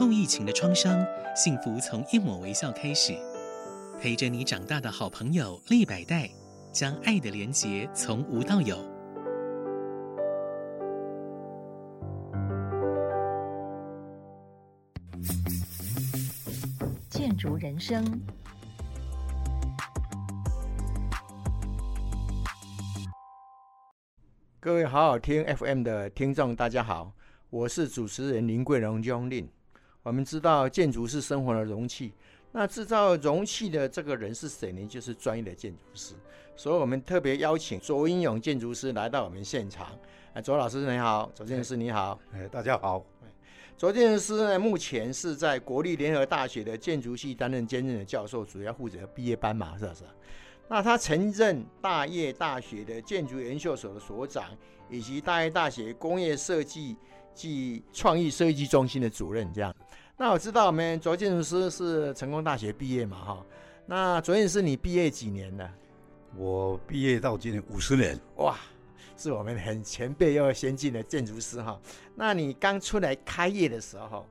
後疫情的創傷，幸福從一抹微笑開始。陪着你長大的好朋友立百代，將愛的連結從無到有。建築人生，各位好好聽 FM 的聽眾，大家好，我是主持人林貴榮江令。我們知道建築是生活的容器，那制造容器的這個人是誰呢？就是專業的建築師。所以，我們特別邀請卓銀永建築師來到我們現場。哎，卓老師你好，卓建築師你好。哎，大家好。卓建築師呢，目前是在國立聯合大學的建築系擔任兼任的教授，主要負責畢業班嘛，是不是？那他曾任大葉大學的建築研究所的所長，以及大葉大學工業設計暨創意設計中心的主任，這樣。那我知道我們卓建築師是成功大學畢業嘛哈，那卓建築師你畢業幾年呢？我畢業到今年五十年。哇，是我們很前輩又先進的建築師哈。那你剛出來開業的時候，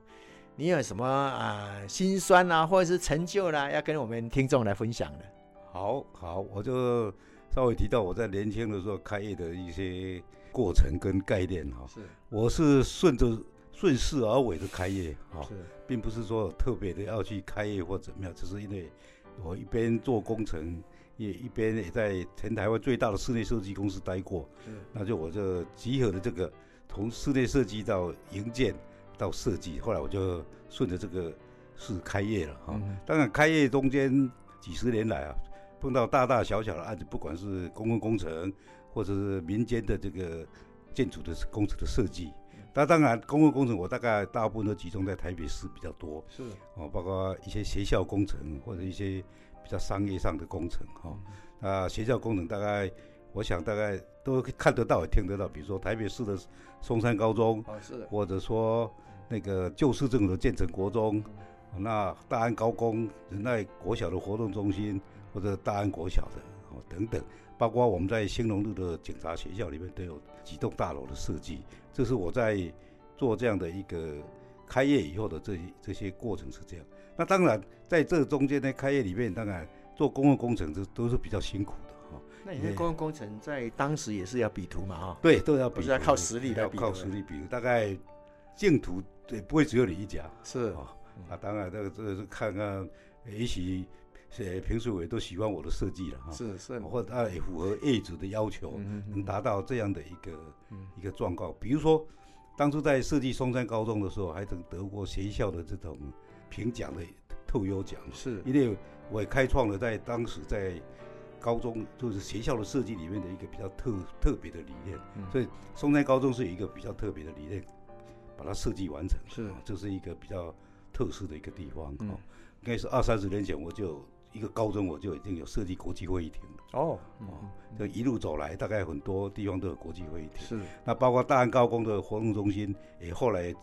你有什麼啊、呃、心酸啊，或者是成就呢、啊？要跟我們聽眾來分享的？好好，我就稍微提到我在年輕的時候開業的一些過程跟概念哈。是，我是順着。順勢而為的開業是並不是說特別的要去開業或者怎麼樣，只是因為，我一邊做工程，也一邊也在全台灣最大的室內設計公司待過，是那就我就集合的這個，從室內設計到營建到設計，後來我就順着這個事開業了哈。嗯、嘿當然開業中間幾十年來啊，碰到大大小小的案子，不管是公共工程或者是民間的這個建築的工程的設計。那、嗯、當然，公共工程我大概大部分都集中在台北市比較多，是的 哦，包括一些學校工程或者一些比較商業上的工程哈、哦。嗯、那學校工程大概，我想大概都看得到也聽得到，比如說台北市的松山高中，是的 或者說那個舊市政府的建成國中、哦，那大安高工、仁愛國小的活動中心或者大安國小的，哦，等等。包括我們在興隆路的警察學校裡面都有幾棟大樓的設計，這是我在做這樣的一個開業以後的這這些過程是這樣。那當然在這中間呢，開業裡面當然做公共工程是都是比較辛苦的哈、哦。那你看公共工程在當時也是要比圖嘛哈、哦？對，都要比，是要靠實力的比。要靠實力比，大概競圖也不會只有你一家。是、哦嗯、啊，那當然這個這個、是看看一起。也許平時我也都喜歡我的設計了哈，是是，或者他也符合業主的要求，嗯嗯嗯、能達到這樣的一個、嗯、一個狀況。比如說，當初在設計松山高中的時候，還曾得過學校的這種評獎的特優獎，是，因為我也開創了在當時在高中就是學校的設計裡面的一個比較特特別的理念，嗯、所以松山高中是有一個比較特別的理念，把它設計完成，是、嗯，這是一個比較特殊的一個地方、嗯、應該是二三十年前我就。一個高中我就已經有設計國際會議廳了哦，這一路走來，大概很多地方都有國際會議廳是。那包括大安高工的活動中心，也後來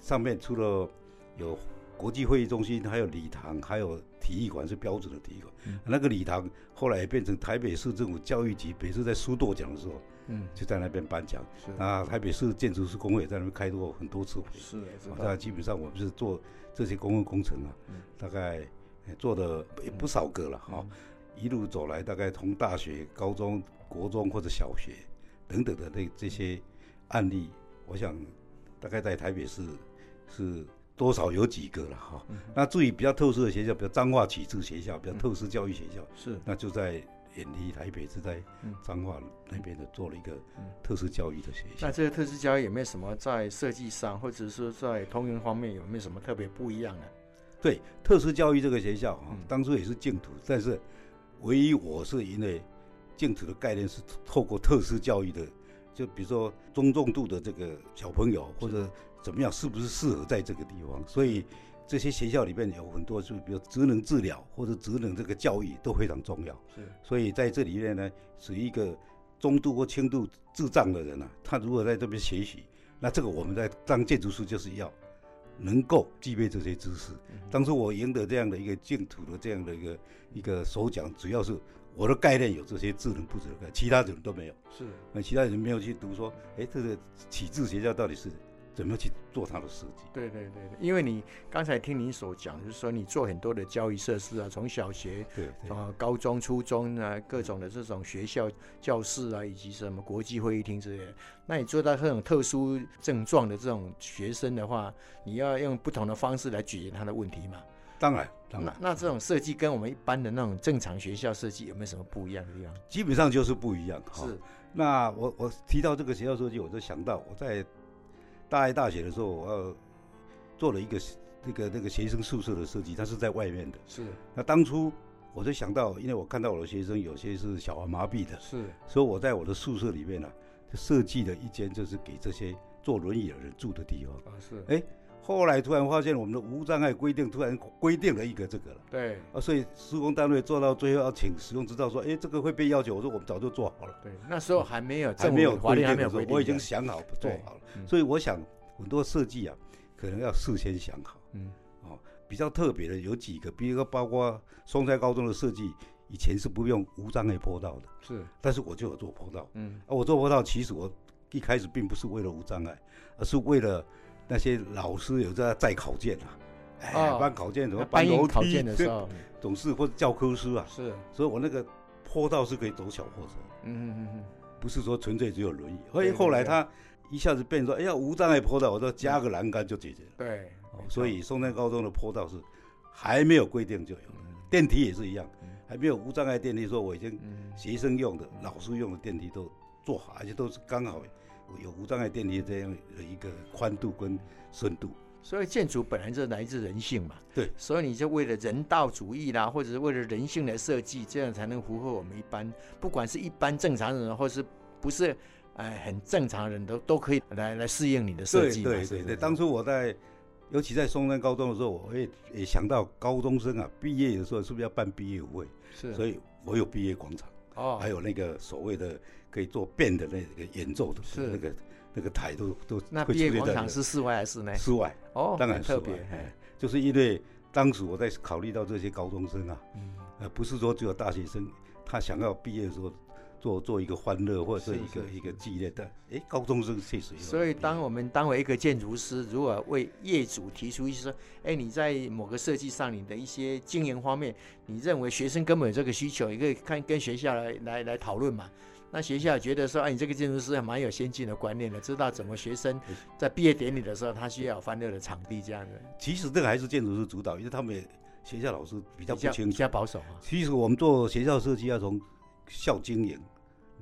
上面除了有國際會議中心，還有禮堂，還有體育館，是標準的體育館。那個禮堂後來也變成台北市政府教育局每次在師鐸獎的時候，嗯，就在那邊頒獎。那台北市建築師公會也在那邊開過很多次會。是，這基本上我們是做這些公共工程啊，大概。做的也不少個了哈，嗯、一路走來，大概從大學、高中、國中或者小學等等的，那這些案例，我想大概在台北市是多少有幾個了哈。嗯、那至於比較特殊的學校，比如彰化啟智學校，比較特殊教育學校，嗯、是那就在遠離台北是在彰化那邊的做了一個特殊教育的學校、嗯。那這個特殊教育有沒有什麼在設計上，或者是說在通仁方面有沒有什麼特別不一樣的？對特殊教育這個學校啊，當初也是競圖，嗯、但是唯一我是因為競圖的概念是透過特殊教育的，就比如說中重度的這個小朋友或者怎麼樣，是不是適合在這個地方？是所以這些學校裡面有很多，就比如職能治療或者職能這個教育都非常重要。是，所以在這裡面呢，屬於一個中度或輕度智障的人吶、啊，他如果在這邊學習，那這個我們在當建築師就是要。能夠具備這些知識，嗯嗯、當時我贏得這樣的一個淨土的這樣的一個一個首獎，主要是我的概念有這些智能不足的概念，其他人都沒有。是的，那其他人沒有去讀說，哎、嗯嗯欸，這個啟智學校到底是？怎麼去做它的設計？對對對，因為你剛才聽你所講，就是說你做很多的教育設施啊，從小學從高中、初中啊，各種的這種學校教室啊，以及什麼國際會議廳之類，那你做到這種特殊症狀的這種學生的話，你要用不同的方式來解決他的問題嘛？當然，當然。那,那這種設計跟我們一般的那種正常學校設計有沒有什麼不一樣的地方？一樣，基本上就是不一樣。是。那我我提到這個學校設計，我就想到我在。大一大學的時候，我要做了一個那個那個學生宿舍的設計，它是在外面的。是。那當初我就想到，因為我看到我的學生有些是小兒麻痹的，是。所以我在我的宿舍裡面呢，設計了一間，就是給這些坐輪椅的人住的地方。啊，是。哎。欸後來突然發現，我們的無障礙規定突然規定了一個這個了。對啊，所以施工單位做到最後要請使用執照說，哎、欸，這個會被要求。我說我們早就做好了。對，那時候還沒有、嗯、還沒有規定的時候，我已經想好做好了。嗯、所以我想很多設計啊，可能要事先想好。嗯，哦，比較特別的有幾個，比如說包括松山高中的設計，以前是不用無障礙坡道的。是，但是我就有做坡道。嗯、啊，我做坡道，其實我一開始並不是為了無障礙，而是為了。那些老師有在在考卷啊，哎搬、哦、考卷怎麼搬樓梯考建的時事總是或者教科書啊，是，所以我那個坡道是可以走小貨車，嗯嗯嗯嗯，不是說純粹只有輪椅，對所以後來他一下子變成說，哎呀無障礙坡道，我說加個欄杆就解決了，對，所以松山高中的坡道是還沒有規定就有了，嗯、電梯也是一樣，嗯、還沒有無障礙電梯說我已經學生用的、嗯、老師用的電梯都做好，而且都是剛好。有無障礙電梯這樣的一個寬度跟深度，所以建築本來就來自人性嘛。對，所以你就為了人道主義啦，或者是為了人性來設計，這樣才能符合我們一般，不管是一般正常人，或是不是哎，很正常人都都可以來來適應你的設計嘛。對，對對對，當初我在尤其在松山高中的時候，我也也想到高中生啊，畢業的時候是不是要辦畢業舞會？是、啊，所以我有畢業廣場。哦，還有那個所謂的可以做 band 的那個演奏的，是那個是、那個、那個台都都畢、那個、業廣場是室外還是室內？室外哦，當然是別，嗯、就是因為當時我在考慮到這些高中生啊，嗯、呃，不是說只有大學生，他想要畢業的時候。做做一個歡樂或者是一個是是一個紀念的，哎、欸，高中生確實有。所以，當我們當為一個建築師，如果為業主提出一些，哎、欸，你在某個設計上，你的一些經營方面，你認為學生根本有這個需求，你可以看跟學校來來來討論嘛。那學校覺得說，哎、啊，你這個建築師還蠻有先進的觀念的，知道怎麼學生在畢業典禮的時候，他需要有歡樂的場地這樣子。其實這個還是建築師主導，因為他們學校老師比較不清楚，比較比較保守啊。其實我們做學校設計要從校經營。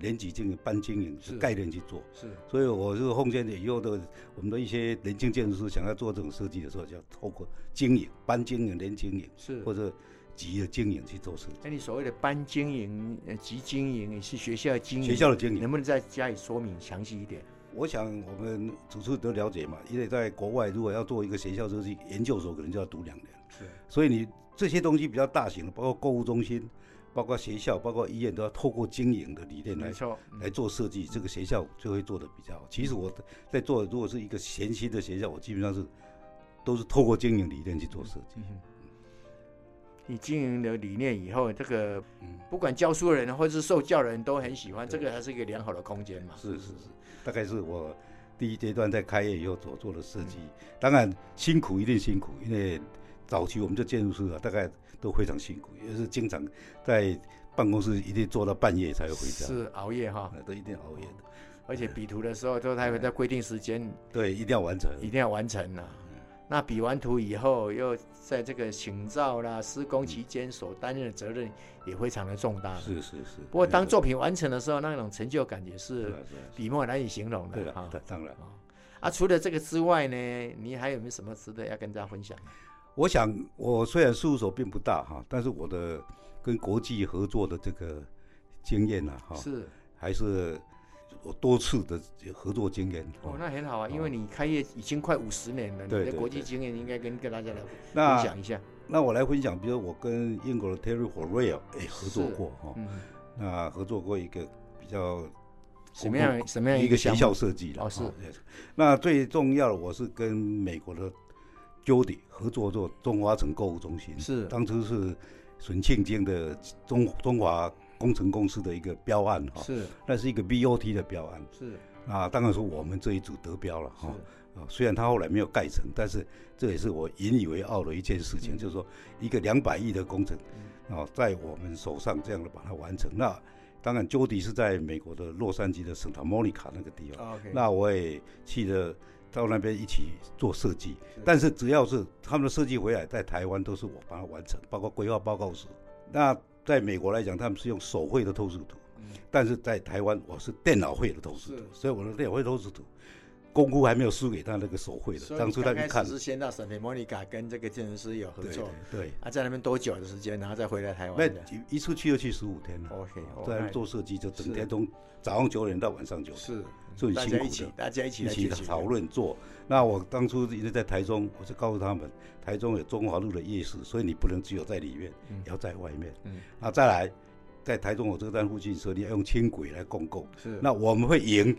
聯體經營、班經營是概念去做是，是，所以我是奉勸的，以後的我們的一些年輕建築師想要做這種設計的時候，就要透過經營、班經營、連經營，是或者集的經營去做設計。那你所謂的班經營、集經營也是學校的經營，學校的經營能不能再加以說明詳細一點？我想我們主持人都了解嘛，因為在國外如果要做一個學校設計，研究所可能就要讀兩年，是所以你這些東西比較大型的，包括購物中心。包括學校、包括醫院，都要透過經營的理念來、嗯、來做設計。這個學校就會做得比較好。其實我在做，如果是一個全新的學校，我基本上是都是透過經營理念去做設計、嗯嗯。你經營的理念以後，這個不管教書的人或是受教人都很喜歡，嗯、這個還是一個良好的空間嘛。是是是，大概是我第一階段在開業以後所做的設計。嗯、當然辛苦一定辛苦，因為。早期我們這建築師啊，大概都非常辛苦，也是經常在辦公室一定做到半夜才會回家，是熬夜哈、嗯，都一定熬夜的。而且比圖的時候、嗯、都，他會在規定時間，對，一定要完成，一定要完成吶、啊。嗯、那比完圖以後，又在這個請照啦、施工期間所擔任的責任也非常的重大、嗯，是是是。不過當作品完成的時候，嗯、那種成就感也是筆墨難以形容的。對的、啊啊啊啊、當然啊。啊，除了這個之外呢，你還有沒有什麼值得要跟大家分享？我想，我雖然事務所並不大哈，但是我的跟國際合作的這個經驗呢、啊，哈是，是還是我多次的合作經驗。哦，那很好啊，哦、因為你開業已經快五十年了，對對對，你的國際經驗應該跟跟大家來分享一下。那，那我來分享，比如說我跟英國的 Terry Farrell、欸、合作過哈，嗯、那合作過一個比較什麼樣什麼樣一個，一個學校設計的？哦，是。那最重要的，我是跟美國的。Jody 合作做中華城購物中心，是當初是沈慶京的中中華工程公司的一個標案哈，是那是一個 BOT 的標案，是啊，當然說我們這一組得標了哈，啊是、哦、雖然他後來沒有蓋成，但是這也是我引以為傲的一件事情，嗯、就是說一個兩百億的工程啊、嗯哦、在我們手上這樣的把它完成，那當然 Jody 是在美國的洛杉磯的聖塔莫尼卡那個地方，哦 okay、那我也記得。到那邊一起做設計，但是只要是他們的設計回來，在台灣都是我幫他完成，包括規劃報告書。那在美國來講，他們是用手繪的透視圖，但是在台灣我是電腦繪的透視圖，所以我的電腦繪透視圖功夫還沒有輸給他那個手繪的。當初他一開始是先到聖莫尼卡跟這個建築師有合作，對，他在那邊多久的時間，然後再回來台灣？那一出去又去十五天了。OK，在那邊做設計就整天從早上九點到晚上九點。是。做辛苦的，大家一起討論做。嗯、那我當初一直在台中，我就告訴他們，台中有中華路的夜市，所以你不能只有在裡面，你、嗯、要在外面。嗯、那再來，在台中火車站附近，說你要用輕軌來共構。是，那我們會贏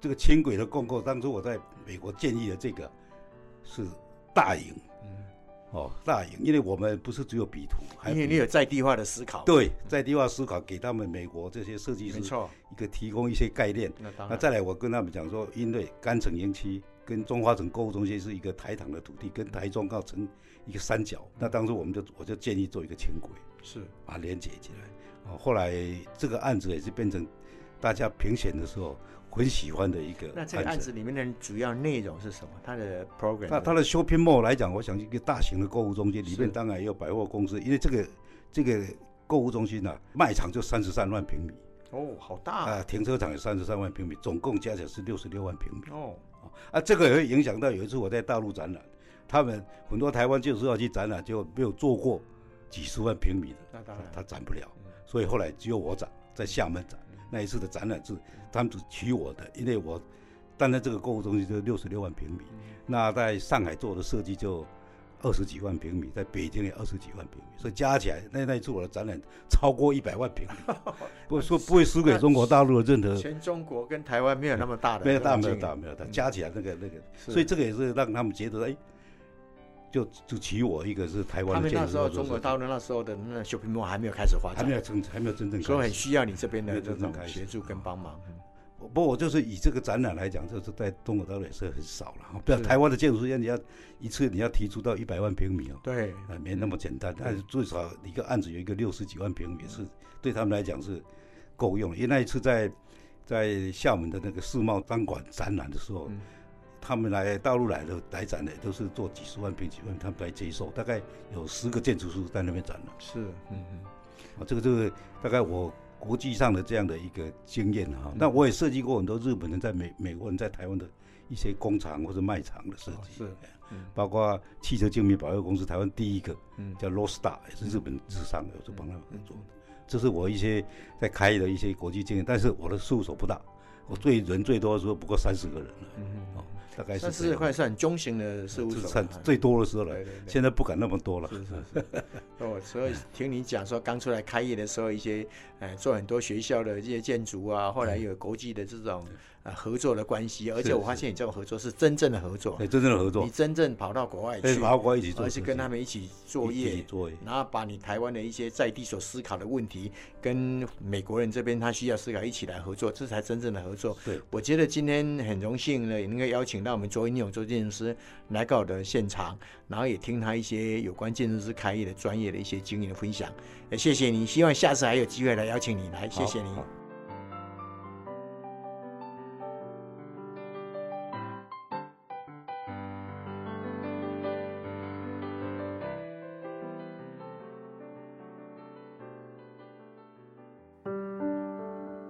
這個輕軌的共構。當初我在美國建議的這個是大贏。哦，那因為我們不是只有筆圖，還因為你有在地化的思考，對，在地化思考給他們美國這些設計師，一個提供一些概念。沒錯。那當然，那再來我跟他們講說，因為干城園區跟中華城購物中心是一個台糖的土地，跟台中高城，一個三角，嗯、那當初我們就我就建議做一個輕軌，是，把連接起來。哦，後來這個案子也是變成。大家評選的時候很喜歡的一個。那這個案子裡面的主要內容是什麼？它的 program？那它，它的 shopping mall 來講，我想一個大型的購物中心裡面當然也有百貨公司，是因為這個這個購物中心吶、啊，賣場就三十三萬平米。哦，好大，哦。啊，停車場有三十三萬平米，總共加起來是六十六萬平米。哦啊，啊，這個也會影響到。有一次我在大陸展覽，他們很多台灣就是要去展覽，就沒有做過幾十萬平米的，那當然、啊、他展不了。嗯、所以後來只有我展，在廈門展。那一次的展覽是他們只取我的，因為我，站在這個購物中心就六十六萬平米，嗯、那在上海做的設計就二十幾萬平米，在北京也二十幾萬平米，所以加起來那那一次我的展覽超過一百萬平米，不會輸，不會輸給中國大陸的任何。全中國跟台灣沒有那麼大的、嗯。沒有大，沒有大，沒有大，沒有大嗯、加起來那個那個，是所以這個也是讓他們覺得哎。欸就就我一個是台灣。的們那時候，中國大陸那時候的那小屏模還沒有開始發展，還沒有真還沒有真正。所以很需要你這邊的這種協助跟幫忙。嗯、不，我就是以這個展覽來講，就是在中國大陸也是很少了。不要台灣的建築師，你要一次你要提出到一百萬平米哦、喔。對。啊，沒那麼簡單，但最少一個案子有一個六十幾萬平米，對 是對他們來講是夠用。因為那一次在在廈門的那個世貿展館展覽的時候。嗯他們來大陸來的來展的都是做幾十萬瓶、幾萬瓶他們來接受，大概有十個建築師在那邊展了。是，嗯嗯，我這個就是大概我國際上的這樣的一個經驗哈。那、嗯、哼我也設計過很多日本人在美、美國人在台灣的一些工廠或者賣場的設計、哦，是，嗯、包括汽車精密保有公司，台灣第一個，嗯，叫 Lostar 也是日本的日商，我就幫他工作的。嗯、哼這是我一些在開業的一些國際經驗，但是我的事務所不大。我最人最多的時候不過三十個人了，嗯、哼哦，大概是三十塊是很中型的事務所，是最多的時候、嗯、對對對現在不敢那麼多了。哦，所以聽你講說剛 出來開業的時候，一些呃、嗯、做很多學校的這些建築啊，後來有國際的這種。合作的關係，而且我發現你這種合作是真正的合作，對真正的合作，你真正跑到國外去，跑到國外一起做，而且跟他們一起作業，作業，然後把你台灣的一些在地所思考的問題，跟美國人這邊他需要思考一起來合作，這才真正的合作。對，我覺得今天很榮幸呢，也能夠邀請到我們卓銀永卓建築師來搞的現場，然後也聽他一些有關建築師開業的專業的一些經營的分享。欸，謝謝你，希望下次還有機會來邀請你來，謝謝你。